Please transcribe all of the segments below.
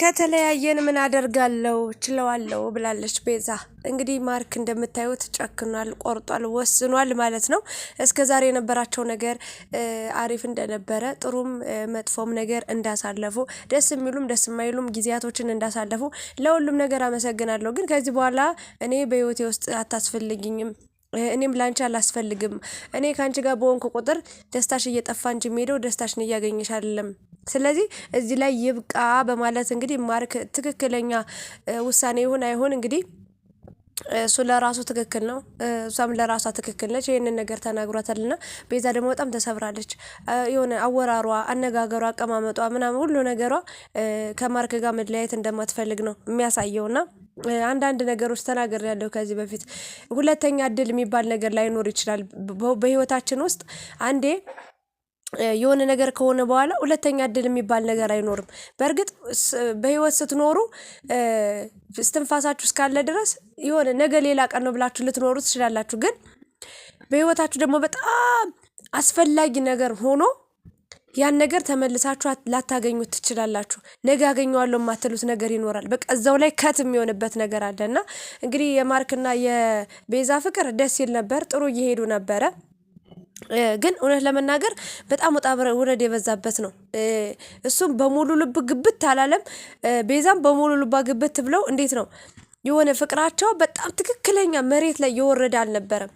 ከተለያየን ምን አደርጋለሁ ችለዋለሁ ብላለች ቤዛ። እንግዲህ ማርክ እንደምታዩት ጨክኗል፣ ቆርጧል፣ ወስኗል ማለት ነው። እስከ ዛሬ የነበራቸው ነገር አሪፍ እንደነበረ ጥሩም መጥፎም ነገር እንዳሳለፉ ደስ የሚሉም ደስ የማይሉም ጊዜያቶችን እንዳሳለፉ ለሁሉም ነገር አመሰግናለሁ። ግን ከዚህ በኋላ እኔ በህይወቴ ውስጥ አታስፈልግኝም እኔም ላንቺ አላስፈልግም። እኔ ከአንቺ ጋር በሆንኩ ቁጥር ደስታሽ እየጠፋ እንጂ የሚሄደው ደስታሽን እያገኘሽ አይደለም ስለዚህ እዚህ ላይ ይብቃ በማለት እንግዲህ ማርክ ትክክለኛ ውሳኔ ይሁን አይሁን እንግዲህ እሱ ለራሱ ትክክል ነው፣ እሷም ለራሷ ትክክል ነች። ይህንን ነገር ተናግሯታል ና ቤዛ ደግሞ በጣም ተሰብራለች። የሆነ አወራሯ፣ አነጋገሯ፣ አቀማመጧ ምናምን ሁሉ ነገሯ ከማርክ ጋር መለያየት እንደማትፈልግ ነው የሚያሳየውና አንዳንድ ነገሮች ተናገር ያለው ከዚህ በፊት ሁለተኛ እድል የሚባል ነገር ላይኖር ይችላል በህይወታችን ውስጥ አንዴ የሆነ ነገር ከሆነ በኋላ ሁለተኛ እድል የሚባል ነገር አይኖርም። በእርግጥ በህይወት ስትኖሩ እስትንፋሳችሁ እስካለ ድረስ የሆነ ነገ ሌላ ቀን ነው ብላችሁ ልትኖሩ ትችላላችሁ። ግን በህይወታችሁ ደግሞ በጣም አስፈላጊ ነገር ሆኖ ያን ነገር ተመልሳችሁ ላታገኙት ትችላላችሁ። ነገ አገኘዋለሁ የማትሉት ነገር ይኖራል። በቃ እዛው ላይ ከት የሚሆንበት ነገር አለ እና እንግዲህ የማርክና የቤዛ ፍቅር ደስ ይል ነበር። ጥሩ እየሄዱ ነበረ። ግን እውነት ለመናገር በጣም ወጣ ውረድ የበዛበት ነው። እሱም በሙሉ ልብ ግብት አላለም። ቤዛም በሙሉ ልባ ግብት ብለው እንዴት ነው የሆነ ፍቅራቸው በጣም ትክክለኛ መሬት ላይ የወረደ አልነበረም።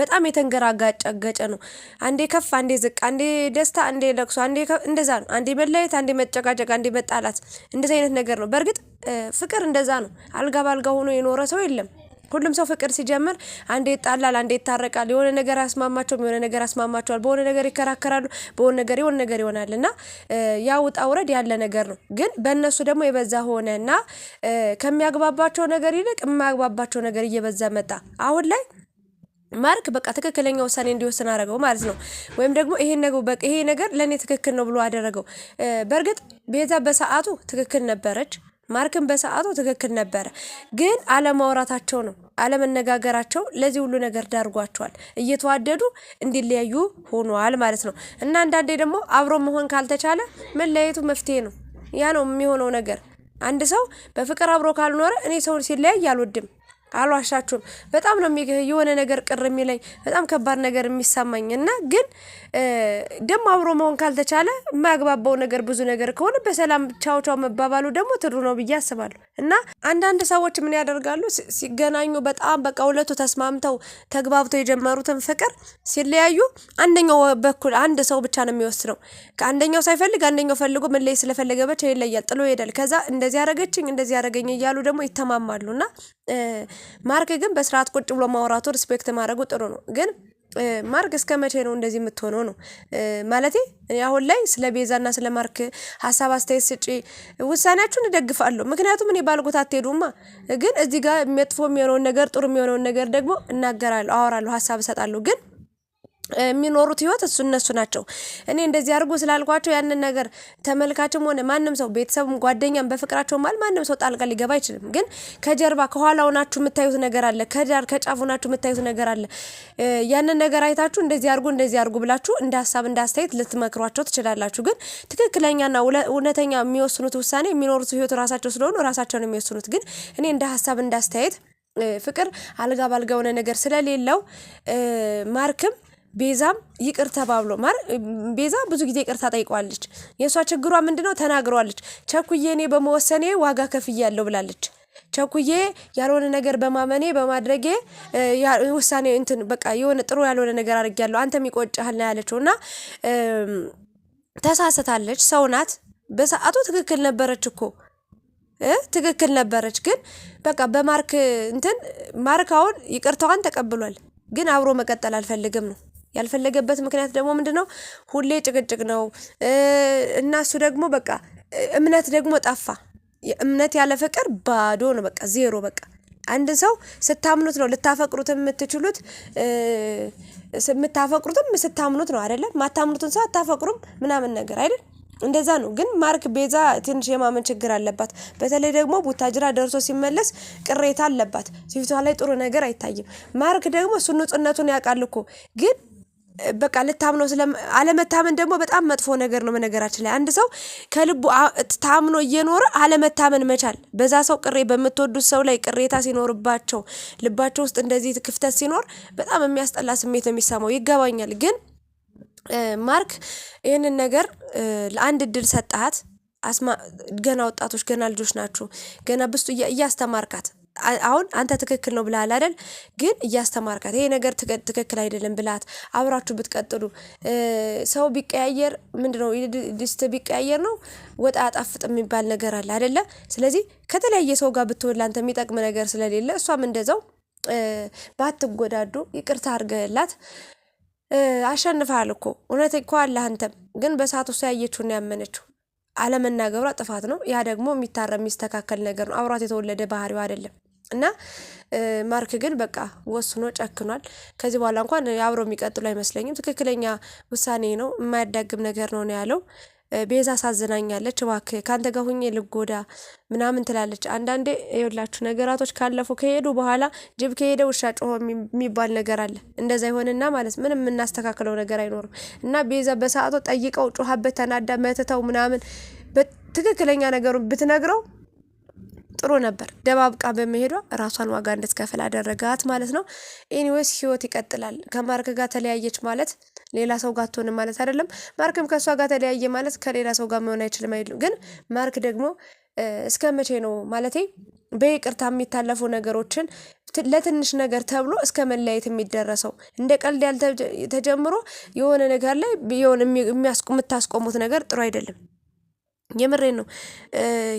በጣም የተንገራጋጨገጨ ነው። አንዴ ከፍ፣ አንዴ ዝቅ፣ አንዴ ደስታ፣ አንዴ ለቅሶ፣ አንዴ እንደዛ ነው። አንዴ መለየት፣ አንዴ መጨቃጨቅ፣ አንዴ መጣላት፣ እንደዚህ አይነት ነገር ነው። በእርግጥ ፍቅር እንደዛ ነው። አልጋ ባልጋ ሆኖ የኖረ ሰው የለም። ሁሉም ሰው ፍቅር ሲጀምር አንዴ ይጣላል፣ አንዴ ይታረቃል። የሆነ ነገር አያስማማቸውም፣ የሆነ ነገር አስማማቸዋል፣ በሆነ ነገር ይከራከራሉ፣ በሆነ ነገር የሆነ ነገር ይሆናል እና ያ ውጣ ውረድ ያለ ነገር ነው። ግን በእነሱ ደግሞ የበዛ ሆነ እና ከሚያግባባቸው ነገር ይልቅ የማያግባባቸው ነገር እየበዛ መጣ። አሁን ላይ ማርክ በቃ ትክክለኛ ውሳኔ እንዲወስን አደረገው ማለት ነው። ወይም ደግሞ ይሄን ነገር በቃ ይሄ ነገር ለእኔ ትክክል ነው ብሎ አደረገው። በእርግጥ ቤዛ በሰዓቱ ትክክል ነበረች። ማርክን በሰዓቱ ትክክል ነበረ፣ ግን አለማውራታቸው ነው አለመነጋገራቸው ለዚህ ሁሉ ነገር ዳርጓቸዋል። እየተዋደዱ እንዲለያዩ ሆኗል ማለት ነው። እና አንዳንዴ ደግሞ አብሮ መሆን ካልተቻለ መለያየቱ መፍትሄ ነው። ያ ነው የሚሆነው ነገር። አንድ ሰው በፍቅር አብሮ ካልኖረ እኔ ሰውን ሲለያይ አልወድም። አልዋሻችሁም። በጣም ነው የሆነ ነገር ቅር የሚለኝ በጣም ከባድ ነገር የሚሰማኝ እና ግን ደግሞ አብሮ መሆን ካልተቻለ የማያግባባው ነገር ብዙ ነገር ከሆነ በሰላም ቻው ቻው መባባሉ ደግሞ ትሩ ነው ብዬ አስባለሁ። እና አንዳንድ ሰዎች ምን ያደርጋሉ ሲገናኙ በጣም በቃ ሁለቱ ተስማምተው ተግባብተው የጀመሩትን ፍቅር ሲለያዩ አንደኛው በኩል አንድ ሰው ብቻ ነው የሚወስነው። አንደኛው ሳይፈልግ አንደኛው ፈልጎ መለየት ስለፈለገ ብቻ ይለያል፣ ጥሎ ይሄዳል። ከዛ እንደዚህ ያረገችኝ እንደዚህ ያረገኝ እያሉ ደግሞ ይተማማሉና ማርክ ግን በስርዓት ቁጭ ብሎ ማውራቱ ሪስፔክት ማድረጉ ጥሩ ነው። ግን ማርክ እስከ መቼ ነው እንደዚህ የምትሆነው? ነው ማለቴ አሁን ላይ ስለ ቤዛና ስለ ማርክ ሀሳብ አስተያየት ስጪ፣ ውሳኔያችሁን እደግፋለሁ። ምክንያቱም እኔ ባልጎታ አትሄዱማ። ግን እዚህ ጋር መጥፎ የሚሆነውን ነገር ጥሩ የሚሆነውን ነገር ደግሞ እናገራለሁ፣ አወራለሁ፣ ሀሳብ እሰጣለሁ ግን የሚኖሩት ህይወት እሱ እነሱ ናቸው። እኔ እንደዚህ አድርጎ ስላልኳቸው ያንን ነገር ተመልካችም ሆነ ማንም ሰው ቤተሰብም፣ ጓደኛም በፍቅራቸው ማል ማንም ሰው ጣልቃ ሊገባ አይችልም። ግን ከጀርባ ከኋላው ናችሁ የምታዩት ነገር አለ። ከዳር ከጫፉ ናችሁ የምታዩት ነገር አለ። ያንን ነገር አይታችሁ እንደዚህ አድርጉ እንደዚህ አድርጉ ብላችሁ እንደ ሀሳብ እንደ አስተያየት ልትመክሯቸው ትችላላችሁ። ግን ትክክለኛና እውነተኛ የሚወስኑት ውሳኔ የሚኖሩት ህይወት ራሳቸው ስለሆኑ ራሳቸውን የሚወስኑት ግን እኔ እንደ ሀሳብ እንደ አስተያየት ፍቅር አልጋ ባልጋ የሆነ ነገር ስለሌለው ማርክም ቤዛም ይቅር ተባብሎ ማር ቤዛ ብዙ ጊዜ ይቅርታ ጠይቀዋለች። የእሷ ችግሯ ምንድነው? ተናግረዋለች። ቸኩዬ እኔ በመወሰኔ ዋጋ ከፍያለሁ ብላለች። ቸኩዬ ያልሆነ ነገር በማመኔ በማድረጌ ውሳኔ እንትን በቃ የሆነ ጥሩ ያልሆነ ነገር አድርጌያለሁ፣ አንተም ይቆጭሃል ነው ያለችው። እና ተሳስታለች። ሰው ናት። በሰዓቱ ትክክል ነበረች እኮ ትክክል ነበረች። ግን በቃ በማርክ እንትን ማርክ አሁን ይቅርታዋን ተቀብሏል፣ ግን አብሮ መቀጠል አልፈልግም ነው ያልፈለገበት ምክንያት ደግሞ ምንድን ነው? ሁሌ ጭቅጭቅ ነው እና እሱ ደግሞ በቃ እምነት ደግሞ ጠፋ። እምነት ያለ ፍቅር ባዶ ነው፣ በቃ ዜሮ። በቃ አንድ ሰው ስታምኑት ነው ልታፈቅሩት የምትችሉት። የምታፈቅሩትም ስታምኑት ነው አይደለም? ማታምኑትን ሰው አታፈቅሩም ምናምን ነገር አይደል? እንደዛ ነው። ግን ማርክ ቤዛ ትንሽ የማመን ችግር አለባት። በተለይ ደግሞ ቡታጅራ ደርሶ ሲመለስ ቅሬታ አለባት። ፊቷ ላይ ጥሩ ነገር አይታይም። ማርክ ደግሞ እሱ ንጹሕነቱን ያውቃል እኮ ግን በቃ ልታምኖ አለመታመን ደግሞ በጣም መጥፎ ነገር ነው። በነገራችን ላይ አንድ ሰው ከልቡ ታምኖ እየኖረ አለመታመን መቻል በዛ ሰው ቅሬ በምትወዱት ሰው ላይ ቅሬታ ሲኖርባቸው ልባቸው ውስጥ እንደዚህ ክፍተት ሲኖር በጣም የሚያስጠላ ስሜት ነው የሚሰማው። ይገባኛል። ግን ማርክ ይህንን ነገር ለአንድ እድል ሰጣት አስማ ገና ወጣቶች ገና ልጆች ናችሁ። ገና ብስጡ እያስተማርካት አሁን አንተ ትክክል ነው ብላል አይደል? ግን እያስተማርካት ይሄ ነገር ትክክል አይደለም ብላት አብራችሁ ብትቀጥሉ ሰው ቢቀያየር ምንድነው ድስት ቢቀያየር ነው ወጥ አጣፍጥ የሚባል ነገር አለ አይደለ? ስለዚህ ከተለያየ ሰው ጋር ብትሆን ለአንተ የሚጠቅም ነገር ስለሌለ እሷም እንደዛው ባትጎዳዱ ይቅርታ አድርገላት። አሸንፈሃል እኮ እውነት እኮ አለ። አንተም ግን በሰዓቱ እሷ ያየችውና ያመነችው አለመናገሯ ጥፋት ነው። ያ ደግሞ የሚታረም የሚስተካከል ነገር ነው። አብሯት የተወለደ ባህሪው አይደለም። እና ማርክ ግን በቃ ወስኖ ጨክኗል። ከዚህ በኋላ እንኳን አብሮ የሚቀጥሉ አይመስለኝም። ትክክለኛ ውሳኔ ነው፣ የማያዳግም ነገር ነው ነው ያለው። ቤዛ አሳዝናኛለች። እባክህ ከአንተ ጋር ሁኜ ልጎዳ ምናምን ትላለች። አንዳንዴ የወላችሁ ነገራቶች ካለፉ ከሄዱ በኋላ ጅብ ከሄደ ውሻ ጮሆ የሚባል ነገር አለ። እንደዛ ይሆንና ማለት ምንም የምናስተካክለው ነገር አይኖርም እና ቤዛ በሰዓቱ ጠይቀው ጮሀበት፣ ተናዳ መትተው ምናምን ትክክለኛ ነገሩን ብትነግረው ጥሩ ነበር። ደባብቃ በመሄዷ ራሷን ዋጋ እንድትከፍል አደረጋት ማለት ነው። ኤኒዌይስ ህይወት ይቀጥላል። ከማርክ ጋር ተለያየች ማለት ሌላ ሰው ጋር አትሆንም ማለት አይደለም። ማርክም ከእሷ ጋር ተለያየ ማለት ከሌላ ሰው ጋር መሆን አይችልም አይሉ። ግን ማርክ ደግሞ እስከ መቼ ነው ማለቴ በይቅርታ የሚታለፉ ነገሮችን ለትንሽ ነገር ተብሎ እስከ መለያየት የሚደረሰው እንደ ቀልድ ያልተጀምሮ የሆነ ነገር ላይ የሆነ የምታስቆሙት ነገር ጥሩ አይደለም። የምሬ ነው።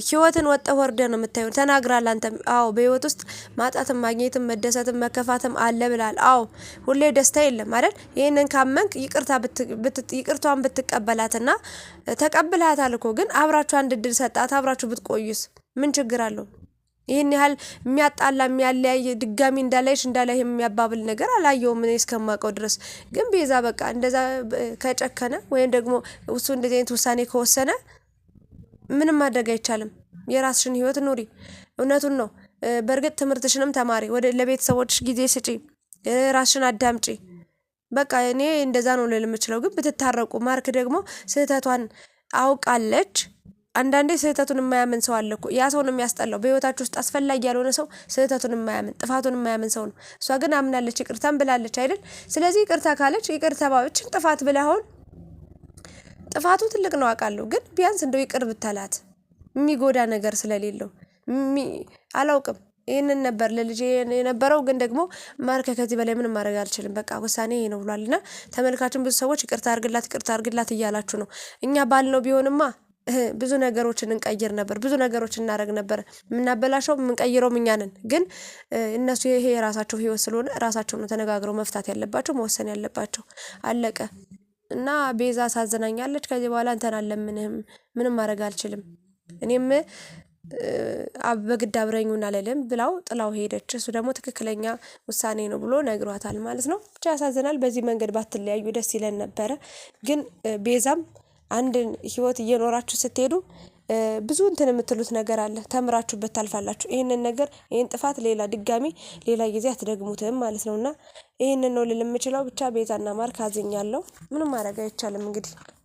ህይወትን ወጠ ወርደ ነው የምታየው። ተናግራል አንተ። አዎ በህይወት ውስጥ ማጣትም ማግኘትም መደሰትም መከፋትም አለ ብላል። አዎ ሁሌ ደስታ የለም አይደል? ይህንን ካመንክ ይቅርቷን ብትቀበላትና ተቀብላታል እኮ ግን አብራችሁ አንድ እድል ሰጣት አብራችሁ ብትቆዩስ ምን ችግር አለው? ይህን ያህል የሚያጣላ የሚያለያይ ድጋሚ እንዳላይሽ እንዳላይ የሚያባብል ነገር አላየውም እኔ እስከማውቀው ድረስ። ግን ቤዛ በቃ እንደዛ ከጨከነ ወይም ደግሞ እሱ እንደዚህ አይነት ውሳኔ ከወሰነ ምንም ማድረግ አይቻልም። የራስሽን ህይወት ኑሪ። እውነቱን ነው። በእርግጥ ትምህርትሽንም ተማሪ፣ ወደ ለቤተሰቦች ጊዜ ስጪ፣ ራስሽን አዳምጪ። በቃ እኔ እንደዛ ነው ልል የምችለው። ግን ብትታረቁ። ማርክ ደግሞ ስህተቷን አውቃለች። አንዳንዴ ስህተቱን የማያምን ሰው አለ እኮ። ያ ሰው ነው የሚያስጠላው። በህይወታችሁ ውስጥ አስፈላጊ ያልሆነ ሰው ስህተቱን የማያምን ጥፋቱን የማያምን ሰው ነው። እሷ ግን አምናለች፣ ይቅርታም ብላለች አይደል? ስለዚህ ይቅርታ ካለች ይቅርታ ባዮችን ጥፋት ብላ አሁን ጥፋቱ ትልቅ ነው አውቃለሁ፣ ግን ቢያንስ እንደው ይቅር ብታላት የሚጎዳ ነገር ስለሌለው አላውቅም። ይህንን ነበር ለልጄ የነበረው። ግን ደግሞ ማርከ ከዚህ በላይ ምንም ማድረግ አልችልም፣ በቃ ውሳኔ ይሄ ነው ብሏልና ተመልካችን ብዙ ሰዎች ይቅርታ አርግላት፣ ይቅርታ አርግላት እያላችሁ ነው። እኛ ባል ነው ቢሆንማ ብዙ ነገሮችን እንቀይር ነበር፣ ብዙ ነገሮችን እናደረግ ነበር። የምናበላሸው የምንቀይረው እኛ ነን። ግን እነሱ ይሄ የራሳቸው ህይወት ስለሆነ ራሳቸው ነው ተነጋግረው መፍታት ያለባቸው መወሰን ያለባቸው። አለቀ። እና ቤዛ አሳዝናኛለች። ከዚህ በኋላ አንተን አለምንህም፣ ምንም ማድረግ አልችልም፣ እኔም በግድ አብረኙን አልልም ብላው ጥላው ሄደች። እሱ ደግሞ ትክክለኛ ውሳኔ ነው ብሎ ነግሯታል ማለት ነው። ብቻ ያሳዝናል። በዚህ መንገድ ባትለያዩ ደስ ይለን ነበረ። ግን ቤዛም አንድን ህይወት እየኖራችሁ ስትሄዱ ብዙ እንትን የምትሉት ነገር አለ። ተምራችሁበት ታልፋላችሁ። ይህንን ነገር ይህን ጥፋት ሌላ ድጋሚ ሌላ ጊዜ አትደግሙትም ማለት ነው እና ይህንን ነው ልል የምችለው። ብቻ ቤዛና ማርክ አዝኛለው ምንም ማድረግ አይቻልም እንግዲህ